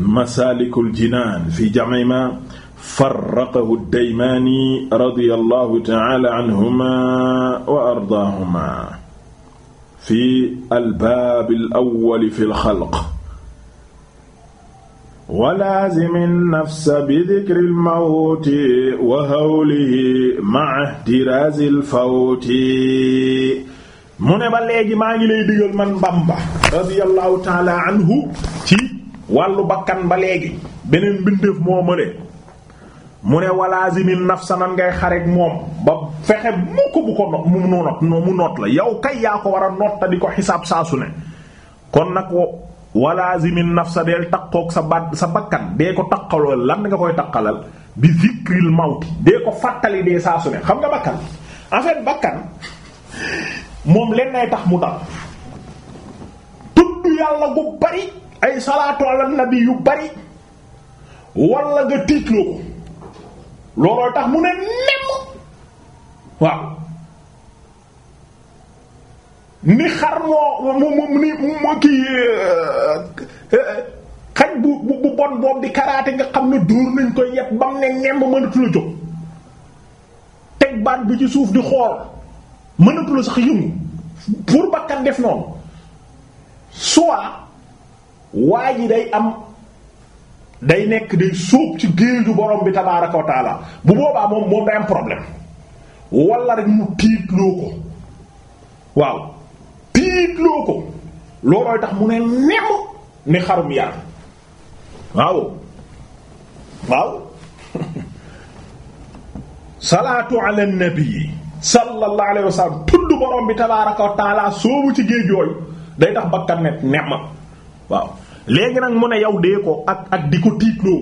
masaalikul jinaan fi jam'i ma farraqahu daymaani radiyallahu ta'ala anhuma wa ardaahuma fi albaab alawwal fi alxalq walaazim nafsa bi dikri almawti wa hawlihi ma'a ihtiraazi alfawti mu ne ba léegi maa ngi lay digal man Bamba radiyallahu ta'ala anhu ci wàllu bakkan ba léegi beneen mbindeef moo mële mu ne walaazimin nafsanan ngay xarek moom ba fexe mu ko bu ko mu noot la yow kay yaa ko war a notta di ko xisaab saasu ne kon nag walaazimin nafsa deel takkook sa ba sa bakkan dee ko takkalool lan nga koy takkalal bi zikril mawti dee ko fàttali dee saasu ne xam nga bakkan en fait bakkan moom len nay tax mu dal tudd yàlla gu bari ay salaatu ala nabi yu bari wala nga tiitloo ko looloo tax mu ne nemm waaw ni xar moo mu ni mu kii euh, euh, xaj bu bu bon boobu di karaate nga xam ne dóor nañ ko yépp bam ne nemm mënatu jóg teg baat bi ci suuf di xool mënatu la sax yëngu pour bakkat def noonu soit waa ji day am day nekk day sóob ci géeju borom bi tabaaraka wa taala bu boobaa moom moom day am problème wala rek mu tiitloo ko waaw tiitloo ko loolooy tax mu ne nemm ni xarum yar waaw waaw salaatu ala nabi sallallahu alayhi wa sallam tudd borom bi tabaaraka wa taala ci géej yooyu day tax bakkan nemm waaw léegi nag mu ne yow dee ko ak ak di ko tiitloo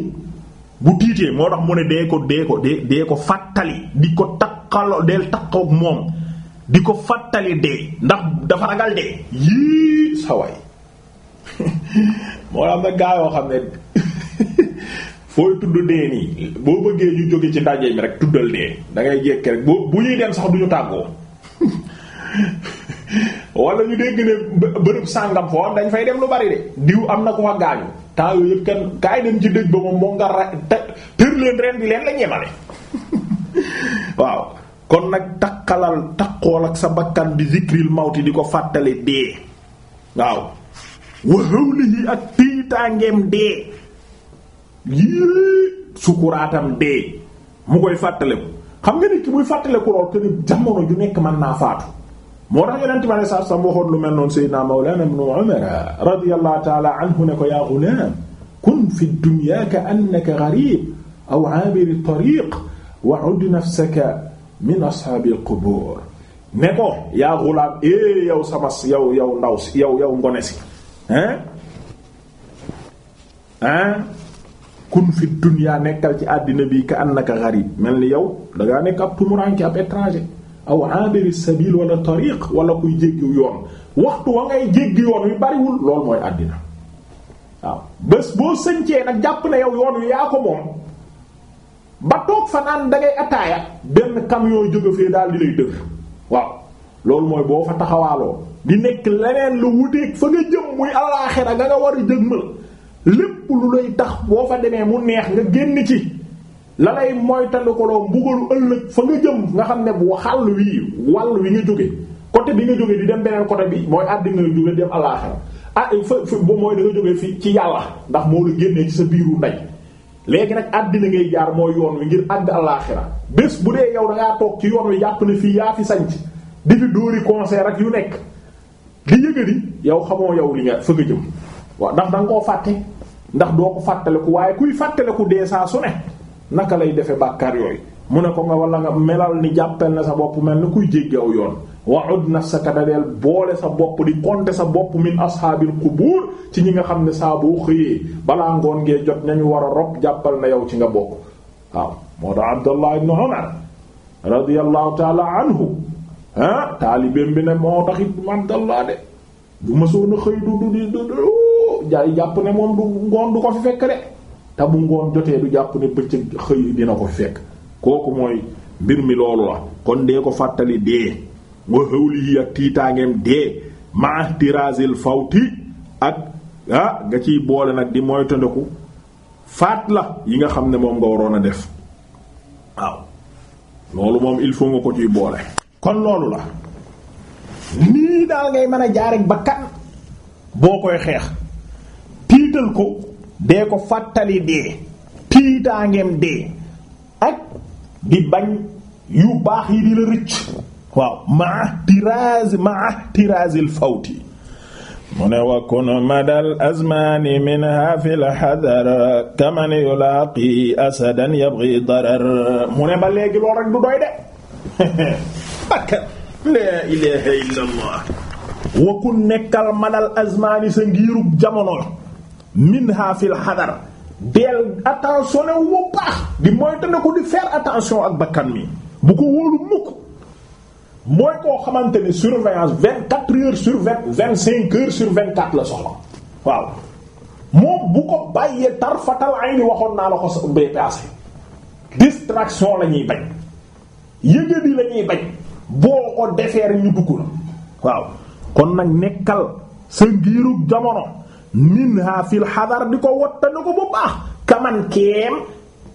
bu tiitee moo tax mu ne dee ko dee ko dee ko fàttali di ko takkaloo del takkook moom di ko fàttali dee ndax dafa ragal dee yii sa moo tax ma gaa yoo xam ne fooy tudd dee nii boo bëggee ñu jóge ci ndaje mi rek tuddal dee da ngay jékki rek bu ñuy dem sax du tàggoo wala ñu dégg ne bërëb sàngam foo dañ fay dem lu bari de diw am na ko fa gaañu temps yooyu yëpp kenn kaay dem ci dëj ba moom moo nga ra tër leen ren bi leen la ñemale waaw kon nag takkalal takkool ak sa bakkan bi zikril mawti di ko fàttale dee waaw waxawli yi ak tiitaangeem dee yii sukuraatam dee mu koy fàttale ko xam nga nit ki muy fàttale ko rool que jamono ju nekk mën naa faatu moo tax yonent bi alayhi salaam waxoon lu mel noonu Seydina Mawlana Ibn Umar radiyallahu ta'ala anhu ne ko yaa ghulaam kun fi dunya ka'annaka gharib aw 'abir tariq wa'ud nafsaka min ashaabi al-qubur ne ko yaa ghulaam eh yow sama yow yow ndaw si yow yow ngone si hein hein kun fi dunya nekkal ci àddina bi ka'annaka gharib mel ni yow da ngaa nekk ab tumuranke ab étranger. aw abiri sabil wala tariq wala kuy jéggiw yoon waxtu wa ngay jéggi yoon wi bariwul loolu mooy àddina waaw bés boo sëncee nag jàpp na yow yoon wi yaa ko moom ba toog fanaan dangay da ngay attaaya benn camion jóge fee daal di lay dëgg waaw loolu mooy boo fa taxawaaloo di nekk leneen lu wuteeg fa nga jëm muy alaaxira nga nga war a jëgmal lépp lu lay tax boo fa demee mu neex nga génn ci la lay moytandikuloo mbugalu ëllëg fa nga jëm nga xam ne bu xàll wii wàll wi nga jóge côté bi nga jóge di dem beneen côté bi mooy àddina ah nga jóge dem alaaxira ah fa fa mooy da jóge fii ci yàlla ndax moo la génnee ci sa biiru ndey léegi nag àddina ngay jaar mooy yoon wi ngir àgg alaaxira bés bu dee yow da toog ci yoon wi yàpp ne fii yaa fi sanc di fi dóori concert ak yu nekk di yëgadi yow xamoo yow li nga fa nga jëm waaw ndax da koo fàtte ndax doo ko fàttaliku waaye kuy fàttaliku dee saa naka lay defe bàkkaar yooyu mu ne ko nga wala nga melal ni jàppel na sa bopp mel ni kuy jéggaw yoon wa'ud nafsaka dadeel boole sa bopp di compter sa bopp min ashaabil qubuur ci ñi nga xam ne saa boo xëyee balaa ngoon ngee jot nañu war a rob jàppal na yow ci nga bokk waaw moo tax Abdallah ibn Umar radiyallahu taala anhu ah taalibeem bi ne moo taxit Abdallah de du ma soon a xëy du du du jaay jàpp ne moom du ngoon du ko fi fekk de te bu ngoon jotee du jàpp ne bëccëg xëy dina ko fekk kooku mooy mbir mi loolu la kon dee ko fàttali dee wa hawli yi ak tiitaangeem dee ma tirasil fawti ak ah nga ciy boole nag di mooy tëndeku faat la yi nga xam ne moom nga waroon a def waaw loolu moom il faut nga ko ciy boole kon loolu la nii daal ngay mën a jaar ak bakkan boo koy xeex tiital ko dee ko fàttali dee tiitaangeem dee ak di bañ yu baax yi di la rëcc waaw maa tiraaz maa tiraazil fawti mu ne wa kun madal azmaani minha fi lxadar kaman yulaaqi asadan yabghi darar mu ne ba léegi lool rek du doy de ak laa ilaha illa allah wa kun nekkal madal azmaani sa ngiirug jamono minha fil xadar deel attentionné wu bu baax di mooy tane ko di faire attention ak bakkan mi bu ko wóolu mukk mooy koo xamante ni surveillance vingt quatre heures sur vingt vingt cinq heures sur vingt quatre la soxla waaw moom bu ko bàyyee tarfatal ayni waxoon naa la ko sa ubbee paase distraction la bañ yëgadi la ñuy bañ boo ko defee rek ñu dugg la waaw kon nag nekkal sa ngiirug jamono minha fil xadar di ko wattanu ko bu baax kaman keem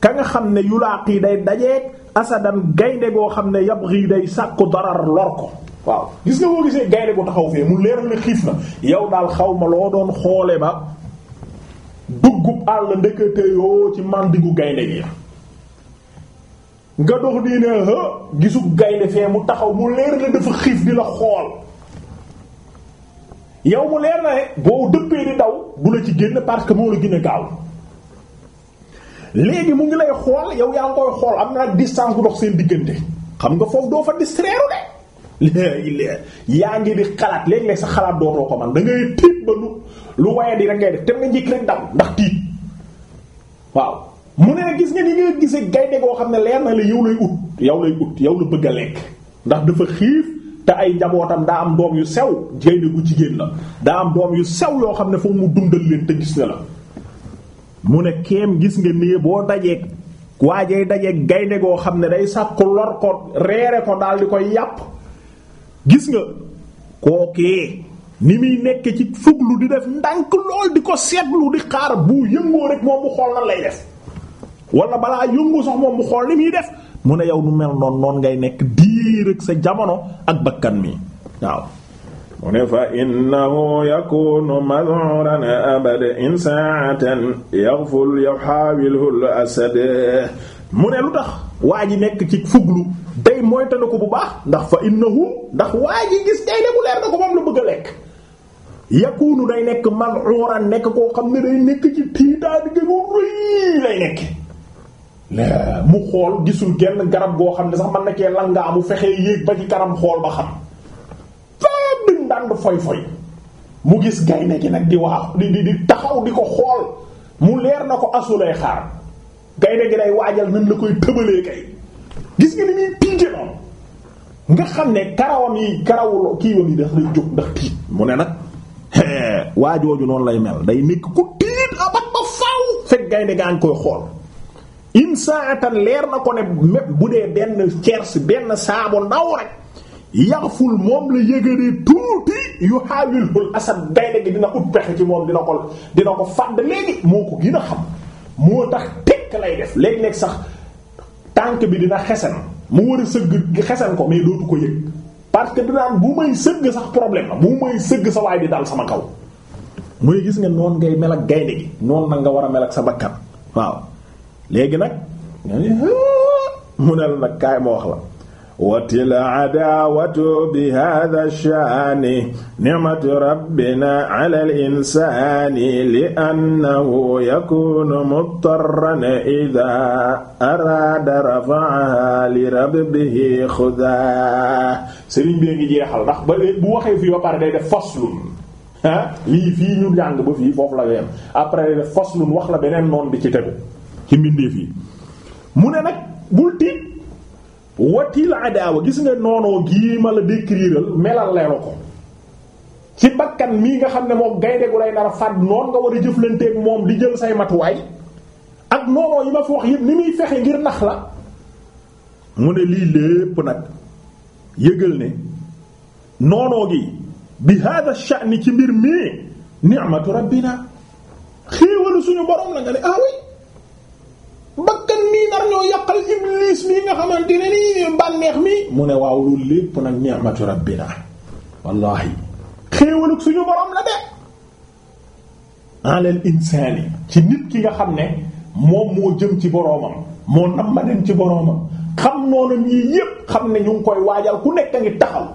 ka nga xam ne yulaaqi day dajeeg asadan gaynde goo xam ne yabghi day sàkku darar lor ko waaw gis nga boo gisee gaynde bu taxaw fee mu leeral ne yow daal xaw ma loo doon xoole ba duggub àll ndekete ci màndigu gaynde gi nga dox diine mu taxaw mu leer ne dafa xiif di la xool yow mu leer na ne boo dëppee di daw du la ci génn parce que moo la gën gaaw léegi mu ngi lay xool yow yaa ngi xool am naa distance bu dox seen diggante xam nga foofu doo fa distraire de yaa ngi di xalaat léeg-léeg sa xalaat dootoo ko man da ngay tiit ba lu lu waye di rek ngay te nga njëkk rek daw ndax tiit waaw mu ne na gis nga ni nga gisee gaynde goo xam ne leer na la yow lay ut yow lay ut yow la bëgg a lekk ndax dafa xiif ay njabootam daa am doom yu sew gaynde gu jigéen la daa am doom yu sew yoo xam ne foofu mu dundal leen te gis nga la mu ne keem gis nga nii boo dajeeg waajay dajeeg gaynde goo xam ne day sàkku lor ko reere ko daal di koy yàpp gis nga kookee ni muy nekk ci fuglu di def ndànk lool di ko seetlu di xaar bu yëngoo rek moom mu xool nan lay def wala balaa yëngu sax moom mu xool ni muy def mu ne yow nu mel noonu noonu ngay nekk biir ak sa jamono ak bakkan mi waaw mu ne fa innahu yakunu madhuran abad in sa'atan yaghful yuhawilhu asad mu ne lu tax waa ji nekk ci fuglu day moytana ko bu baax ndax fa innahu ndax waa ji gis day ne bu na ko moom la bëgg lekk yakunu day nekk madhuran nekk koo xam ne day nekk ci tiitaan gi gu rëy lay nekk mu xool gisul genn garab goo xam ne sax mën na lan langaa mu fexe yéeg ba ci kanam xool ba xam faa bi ndànd foy foy mu gis gaynde gi nag di waax di taxaw di ko leer na ko asu lay gaynde gi day waajal nan la koy tëbalee kay gis nga ni muy tiite noonu nga xam ne karawam yi karawul kii wam yi daf lay jóg ndax tiit mu ne nag waa jooju noonu lay mel day nekk ku tiit abat ba faaw fekk gaynde gaañ koy xool in saatan leer na ko ne mépp bu dee benn tierce benn saabu ndaw rek yaxful moom la yëgadee tuuti yu haawilhul asad gaynde gi dina ut pexe ci moom dina ko dina ko fàdd léegi moo ko gën a xam moo tax tekk lay def léeg-léeg sax tànk bi dina xesen mu war a sëgg xesen ko mais dootu ko yëg parce que dinaan bu may sëgg sax problème la bu may sëgg sa waay di daal sama kaw mooy gis nga noon ngay mel ak gaynde gi noonu nag nga war a mel ak sa bakkan waaw léegi nag nga ni mu ne la nag kaay ma wax la watil adaawatu bi hada shaani nimatu rabbina ala al insaani li annahu yakunu mutarran ida araada rafaaha li rabbihi xudaa sëriñ bi ngi jeexal ndax ba léegi bu waxee fii ba pare day def faslun ah lii fii ñu jàng ba fii foofu la yem après day def faslun wax la beneen noon bi ci tegu ci mbindeef yi mu ne nag bul tiit watil adaawa gis nga noonoo gii ma la décriral melal leelu ko ci bakkan mii nga xam ne moom gaynde gu lay nar a fàdd noon nga war a jëflanteeg moom di jël say matuwaay ak noonoo yi ma fi wax yëpp ni muy fexe ngir nax la mu ne lii lépp nag yëgal ne noonoo gi bi hada ci mbir mii ni'matu rabbina xéewalu suñu borom la nga ne ah iblis mi nga xamante ne ni bànneex mi mu ne waaw loolu lépp nag ni'matu rabbina wallahi xéewalug suñu borom la de alal insaani ci nit ki nga xam ne moom moo jëm ci boroomam moo nam ma dem ci boroomam xam noonu yii yépp xam ne ñu ngi koy waajal ku nekk a ngi taxaw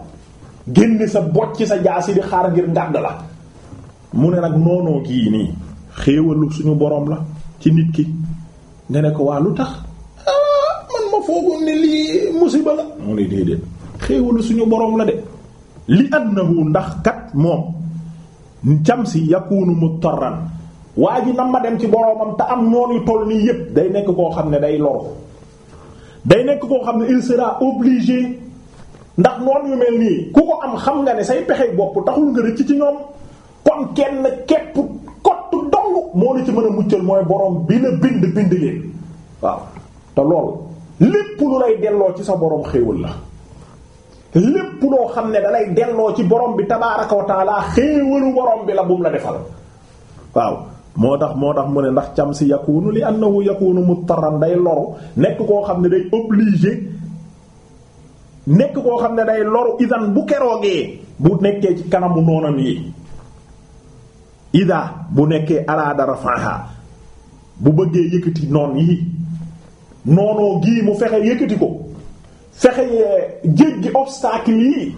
génn sa bot ci sa jaasi di xaar ngir ngàdd la mu ne nag noonoo kii nii xéewalu suñu boroom la ci nit ki nga ne ko waa lu tax foogoon ne lii musiba la mu ne déedéet xéewalu suñu boroom la de li annahu ndax kat moom njam si yakunu mutarran waa ji nam ma dem ci boroomam te am noonu yu toll nii yépp day nekk koo xam ne day lor day nekk koo xam ne il sera obligé ndax noonu yu mel nii ku ko am xam nga ne say pexey bopp taxul nga rëcc ci ñoom kon kenn képp kott dong moo la ci mën a muccal mooy boroom bi la bind bind leen waaw te loolu lépp lu lay delloo ci sa borom xéewal la lépp loo xam ne dalay delloo ci boroom bi tabaaraka wa taala xéewalu borom bi la bum la defal waaw moo tax moo tax mu ne ndax cam si yakunu li annahu yakunu muttaran day loru nekk koo xam ne day obligé nekk koo xam ne day loru idan bu keroogee bu nekkee ci kanamu noonam yi ida bu nekkee araada rafaha bu bëggee yëkkati noon yi noonoo gii mu fexe yëkkati ko fexe jéggi obstacle yii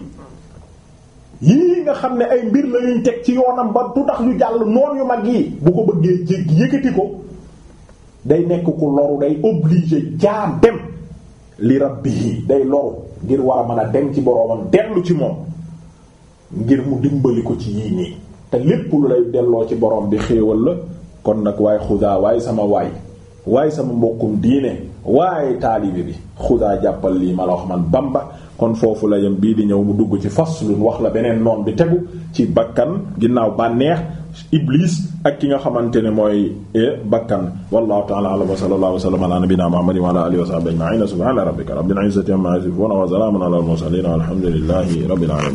yii nga xam ne ay mbir la yuñ teg ci yoonam ba du tax yu jàll noon yu mag yi bu ko bëggee jéggi yékkati ko day nekk ku loru day obligé jaam dem li rabbi day loru ngir war a mën a dem ci boroomam dellu ci moom ngir mu dimbali ko ci yii nii te lépp lu lay delloo ci borom bi xéewal la kon nag waay xudaa waaye sama waay waaye sama mbokkum diine waaye taalibe bi xudaa jàppal lii ma la wax man Bamba kon foofu la yem bii di ñëw mu dugg ci faslun wax la beneen noon bi tegu ci bakkan ginnaaw bànneex iblis ak ki nga xamante ne mooy eh, bakkan wallahu ta'ala a'lam wa sallallahu wa sallam ala nabiyyina muhammadin wa ala alihi wa sahbihi ajma'in subhana rabbika rabbil izzati amma